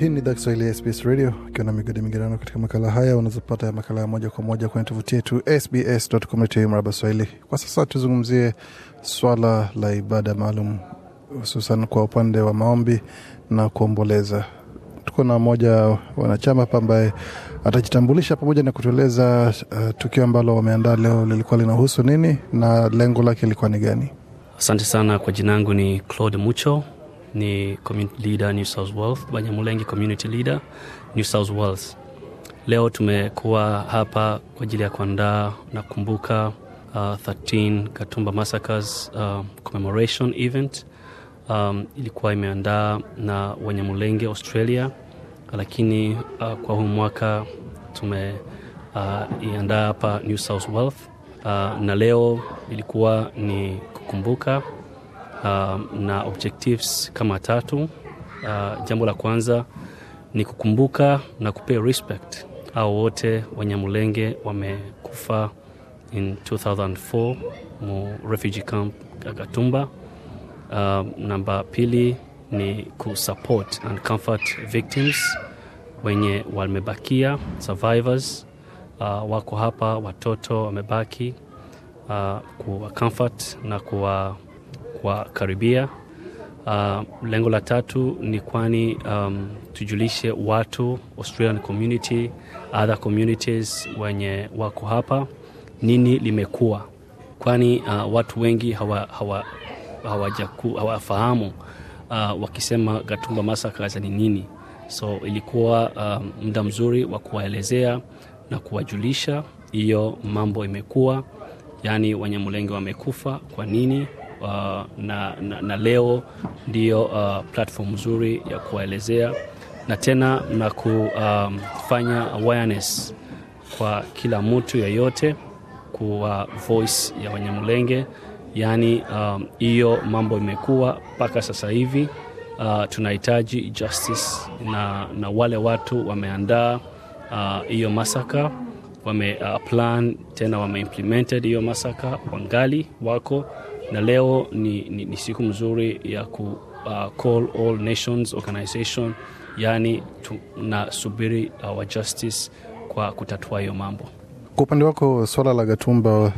Hii ni idhaa Kiswahili ya SBS Radio ukiwa na migodi migerano. Katika makala haya unazopata makala ya moja kwa moja kwenye tovuti yetu sbs.com.au mraba swahili. Kwa sasa tuzungumzie swala la ibada maalum, hususan kwa upande wa maombi na kuomboleza. Tuko na mmoja wanachama hapa ambaye atajitambulisha pamoja na kutueleza uh, tukio ambalo wameandaa leo lilikuwa linahusu nini na lengo lake lilikuwa ni gani. Asante sana. Kwa jina langu ni Claude Mucho ni community leader New South Wales, Banyamulenge community leader New South Wales. Leo tumekuwa hapa kwa ajili ya kuandaa na kukumbuka uh, 13 Katumba massacres uh, commemoration event um, ilikuwa imeandaa na Wanyamulenge Australia, lakini uh, kwa huu mwaka tumeiandaa uh, hapa New South Wales uh, na leo ilikuwa ni kukumbuka Um, na objectives kama tatu. Uh, jambo la kwanza ni kukumbuka na kupea respect au wote Wanyamulenge wamekufa in 2004 mu refugee camp Kagatumba. Uh, um, namba pili ni kusupport and comfort victims wenye wamebakia survivors. Uh, wako hapa, watoto wamebaki, uh, kuwa comfort na kuwa karibia. Uh, ah, lengo la tatu ni kwani um, tujulishe watu Australian community, other communities wenye wako hapa nini limekuwa, kwani uh, watu wengi hawafahamu hawa, hawa hawa uh, ah, wakisema Gatumba Massacres ni nini, so ilikuwa um, muda mzuri wa kuwaelezea na kuwajulisha hiyo mambo imekuwa, yani Wanyamulenge wamekufa kwa nini uh, na, na, na leo ndiyo uh, platform nzuri ya kuwaelezea na tena na kufanya um, awareness kwa kila mtu yeyote kuwa voice ya Wanyamulenge, yaani hiyo um, mambo imekuwa mpaka sasa hivi. Uh, tunahitaji justice na, na wale watu wameandaa uh, hiyo uh, masaka wame uh, plan tena wameimplemented hiyo masaka, wangali wako na leo ni, ni, ni siku mzuri ya ku uh, call all nations organization yaani tunasubiri uh, justice kwa kutatua hiyo mambo kwa upande wako swala la gatumba uh,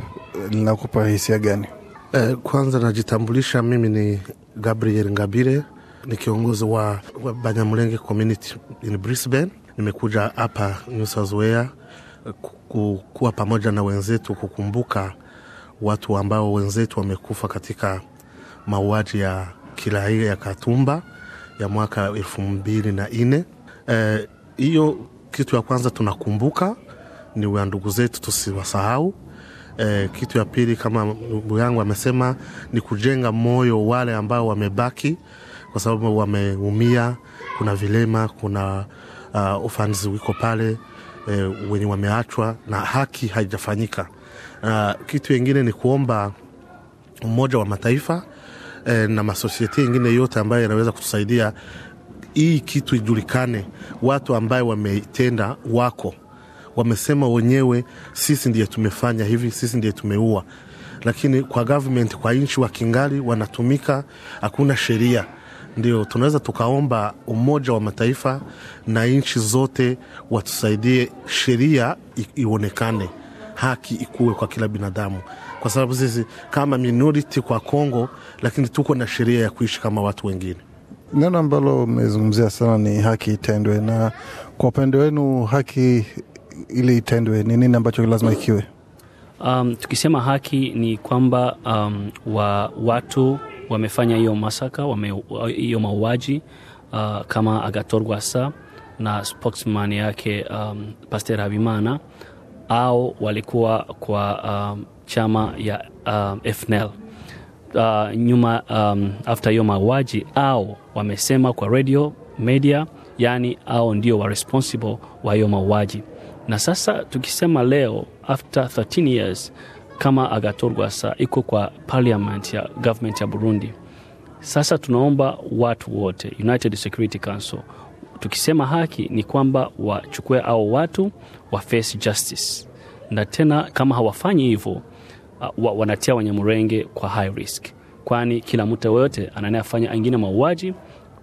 linakupa hisia gani eh, kwanza najitambulisha mimi ni gabriel ngabire ni kiongozi wa, wa banyamulenge community in brisbane nimekuja hapa new south wales eh, kuwa pamoja na wenzetu kukumbuka watu ambao wenzetu wamekufa katika mauaji ya kiraia ya Katumba ya mwaka elfu mbili na nne. Eh, hiyo e, kitu ya kwanza tunakumbuka ni wa ndugu zetu, tusiwasahau. E, kitu ya pili kama ndugu yangu amesema ni kujenga moyo wale ambao wamebaki, kwa sababu wameumia. Kuna vilema, kuna uh, ufanzi wiko pale e, wenye wameachwa na haki haijafanyika. Uh, kitu ingine ni kuomba Umoja wa Mataifa eh, na masosieti ingine yote ambayo yanaweza kutusaidia hii kitu ijulikane, watu ambayo wametenda wako wamesema wenyewe, sisi ndiye tumefanya hivi, sisi ndiye tumeua. Lakini kwa government, kwa nchi wakingali wanatumika, hakuna sheria. Ndio tunaweza tukaomba Umoja wa Mataifa na nchi zote watusaidie, sheria ionekane haki ikuwe kwa kila binadamu, kwa sababu sisi kama minority kwa Kongo, lakini tuko na sheria ya kuishi kama watu wengine. Neno ambalo mmezungumzia sana ni haki itendwe, na kwa upande wenu haki ili itendwe, ni nini ambacho lazima ikiwe? Um, tukisema haki ni kwamba um, wa watu wamefanya hiyo masaka hiyo mauaji uh, kama Agathon na spokesman yake um, Pasteur Habimana au walikuwa kwa um, chama ya um, FNL uh, nyuma um, after hiyo mauaji, au wamesema kwa radio media, yani au ndio wa responsible wa hiyo mauaji. Na sasa tukisema leo after 13 years kama Agathon-Rwasa iko kwa parliament ya government ya Burundi, sasa tunaomba watu wote United Security Council tukisema haki ni kwamba wachukue au watu wa face justice, na tena kama hawafanyi hivyo uh, wanatia Wanyamurenge kwa high risk, kwani kila mtu yoyote ananayefanya angine mauaji.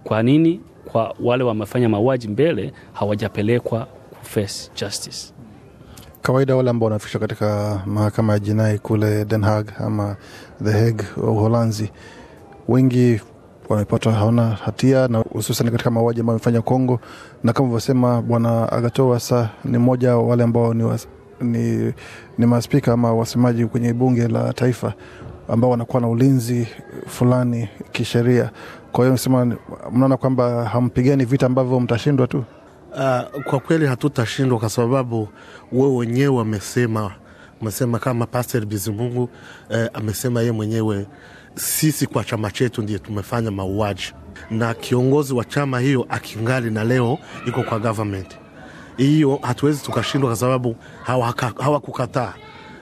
Kwa nini kwa wale wamefanya mauaji mbele hawajapelekwa face justice? Kawaida wale ambao wanafikishwa katika mahakama ya jinai kule Den Haag ama The Hague wa Uholanzi, wengi wamepatwa hawana hatia, na hususan katika mauaji ambayo amefanya Kongo. Na kama ulivyosema, bwana agato Wasa ni mmoja wale ambao ni, was, ni, ni maspika ama wasemaji kwenye bunge la taifa ambao wanakuwa na ulinzi fulani kisheria. Kwa hiyo sema, mnaona kwamba hampigani vita ambavyo mtashindwa tu? Uh, kwa kweli hatutashindwa kwa sababu wewe wenyewe amesema amesema kama Pastor Bizimungu eh, amesema yeye mwenyewe sisi kwa chama chetu ndiye tumefanya mauaji, na kiongozi wa chama hiyo akingali na leo iko kwa government hiyo, hatuwezi tukashindwa kwa sababu hawakukataa hawa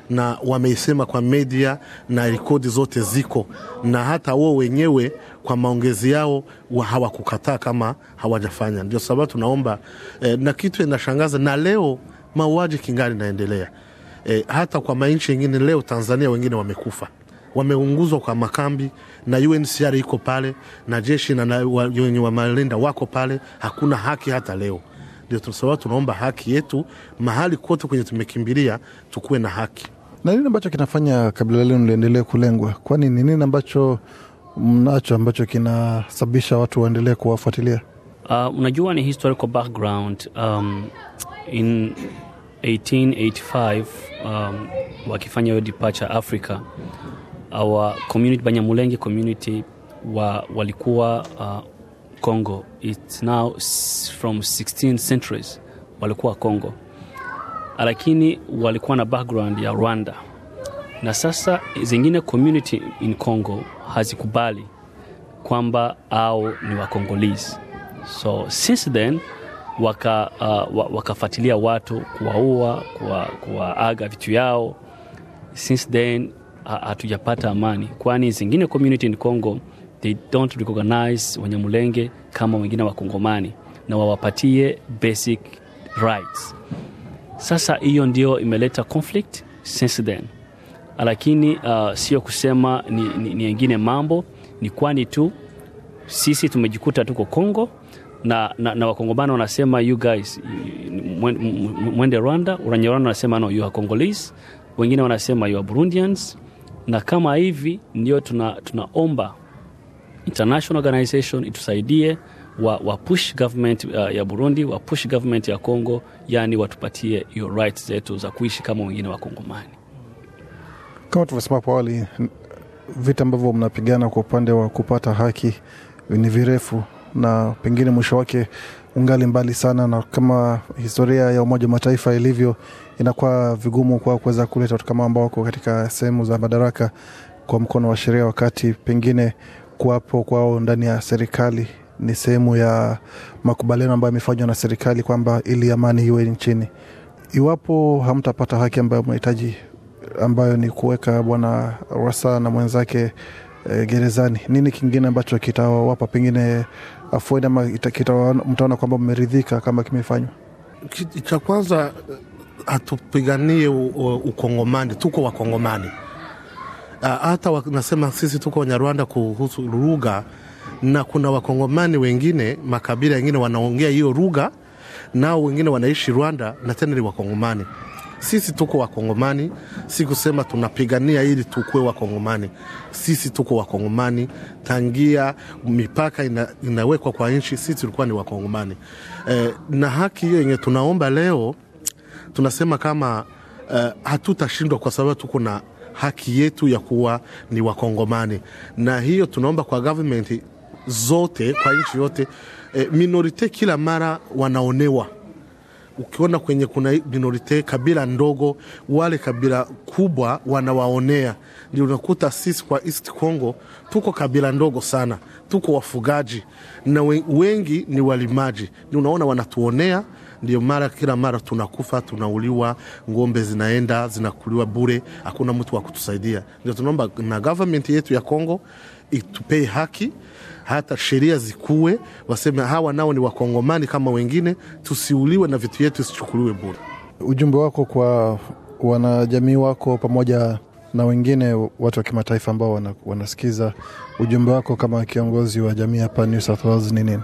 na wameisema kwa media na rekodi zote ziko, na hata wao wenyewe kwa maongezi yao hawakukataa kama hawajafanya. Ndio sababu tunaomba eh, na kitu inashangaza na leo mauaji kingali naendelea eh, hata kwa manchi yengine leo Tanzania wengine wamekufa wameunguzwa kwa makambi na UNHCR iko pale na jeshi na wenye wa malinda wako pale, hakuna haki hata leo. Ndio sababu tunaomba haki yetu mahali kote kwenye tumekimbilia, tukuwe na haki. Na nini ambacho kinafanya kabila lenu liendelee kulengwa? Kwani ni nini ambacho mnacho ambacho kinasababisha watu waendelee kuwafuatilia? Uh, unajua ni historical background um, in 1885 um, wakifanya hiyo departure Africa our community Banyamulenge community wa, walikuwa uh, Congo. It's now from 16 centuries walikuwa Congo, lakini walikuwa na background ya Rwanda, na sasa zingine community in Congo hazikubali kwamba au ni Congolese. So since then waka, uh, wakafuatilia watu kuwaua, kuwaaga kuwa vitu yao. Since then hatujapata amani, kwani zingine community in Congo they don't recognize Wanyamulenge kama wengine Wakongomani na wawapatie basic rights. Sasa hiyo ndio imeleta conflict since then, lakini uh, sio kusema ni, ni, ni engine mambo ni kwani tu sisi tumejikuta tuko Kongo na, na, na Wakongomani wanasema you guys mwende Rwanda, Uranyarwanda wanasema no you are Congolese, wengine wanasema you are Burundians, na kama hivi ndio tuna, tunaomba international organization itusaidie wa, wa push government uh, ya Burundi wa push government ya Congo, yani watupatie hiyo rights zetu za kuishi kama wengine wa Kongomani. Kama tulivyosema hapo awali, vita ambavyo mnapigana kwa upande wa kupata haki ni virefu na pengine mwisho wake ungali mbali sana, na kama historia ya Umoja wa Mataifa ilivyo, inakuwa vigumu kwa kuweza kuleta watu kama ambao wako katika sehemu za madaraka kwa mkono wa sheria, wakati pengine kuwapo kwao ndani ya serikali ni sehemu ya makubaliano ambayo yamefanywa na serikali kwamba ili amani iwe nchini. Iwapo hamtapata haki ambayo mnahitaji, ambayo ni kuweka Bwana Rasa na mwenzake e, gerezani. Nini kingine ambacho kitawapa pengine afueni ama mtaona kwamba mmeridhika kama kimefanywa? Cha kwanza hatupiganie ukongomani, tuko wakongomani. Hata wanasema sisi tuko Wanyarwanda kuhusu lugha, na kuna wakongomani wengine, makabila wengine wanaongea hiyo lugha, nao wengine wanaishi Rwanda na tena ni wakongomani sisi tuko Wakongomani, si kusema tunapigania ili tukuwe Wakongomani. Sisi tuko Wakongomani tangia mipaka ina, inawekwa kwa nchi, sisi tulikuwa ni Wakongomani e, na haki hiyo yenye tunaomba leo tunasema kama e, hatutashindwa kwa sababu tuko na haki yetu ya kuwa ni Wakongomani, na hiyo tunaomba kwa government zote kwa nchi yote e, minorite kila mara wanaonewa ukiona kwenye kuna minorite kabila ndogo, wale kabila kubwa wanawaonea. Ndio unakuta sisi kwa East Congo tuko kabila ndogo sana, tuko wafugaji na wengi ni walimaji, ni unaona wanatuonea. Ndio mara kila mara tunakufa, tunauliwa, ngombe zinaenda zinakuliwa bure, hakuna mtu wa kutusaidia. Ndio tunaomba na government yetu ya Congo itupei haki hata sheria zikuwe, waseme hawa nao ni wakongomani kama wengine, tusiuliwe na vitu yetu isichukuliwe bure. Ujumbe wako kwa wanajamii wako pamoja na wengine watu wa kimataifa ambao wanasikiza, ujumbe wako kama kiongozi wa jamii hapa New South Wales ni nini?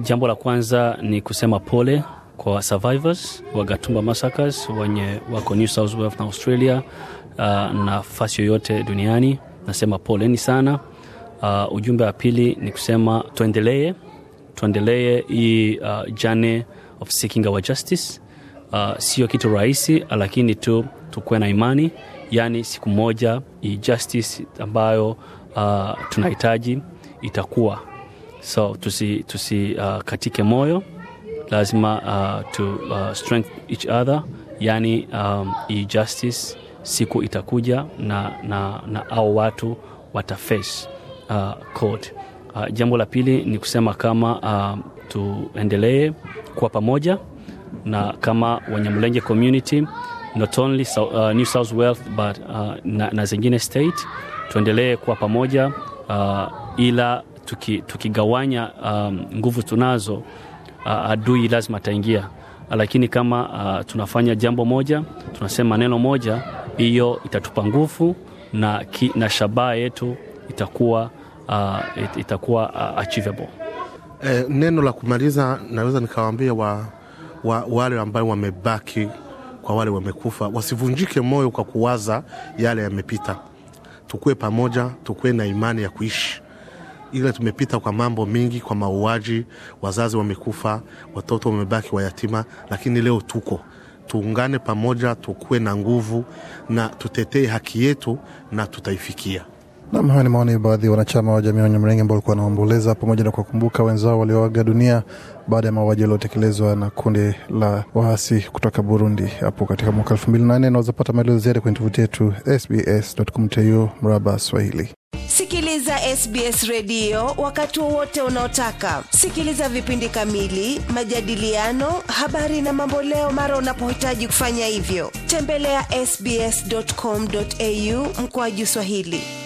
Jambo la kwanza ni kusema pole kwa survivors wa Gatumba massacres wenye wako New South Wales na Australia, uh, na nafasi yoyote duniani. Nasema poleni sana. Uh, ujumbe wa pili ni kusema tuendelee, tuendelee hii uh, journey of seeking our justice. Uh, sio kitu rahisi, lakini tu tukuwe na imani, yaani siku moja hii justice ambayo uh, tunahitaji itakuwa. So tusikatike tusi, uh, moyo, lazima uh, to uh, strength each other, yani um, hii justice siku itakuja na, na, na au watu wataface uh, Uh, jambo la pili ni kusema kama uh, tuendelee kuwa pamoja na kama Wanyamulenge community not only uh, New South Wales but uh, na, na zingine state tuendelee kuwa pamoja uh, ila tukigawanya tuki um, nguvu tunazo uh, adui lazima ataingia, uh, lakini kama uh, tunafanya jambo moja, tunasema neno moja, hiyo itatupa nguvu na, na shabaha yetu itakuwa uh, it, itakuwa uh, achievable. Eh, neno la kumaliza naweza nikawaambia wa, wa, wale ambao wamebaki kwa wale wamekufa wasivunjike moyo kwa kuwaza yale yamepita. Tukuwe pamoja, tukuwe na imani ya kuishi ila tumepita kwa mambo mingi kwa mauaji, wazazi wamekufa, watoto wamebaki wayatima, lakini leo tuko tuungane pamoja, tukuwe na nguvu na tutetee haki yetu na tutaifikia. Nam, hayo ni maoni baadhi ya wanachama wa jamii ya mrengi ambao walikuwa wanaomboleza pamoja na kuwakumbuka wenzao walioaga dunia baada ya mauaji yaliyotekelezwa na kundi la waasi kutoka Burundi hapo katika mwaka elfu mbili na nne. pata maelezo ziada kwenye tovuti yetu sbs.com.au mraba Swahili. Sikiliza SBS redio wakati wowote unaotaka. Sikiliza vipindi kamili, majadiliano, habari na mamboleo mara unapohitaji kufanya hivyo. Tembelea ya sbs.com.au mkoaji Swahili.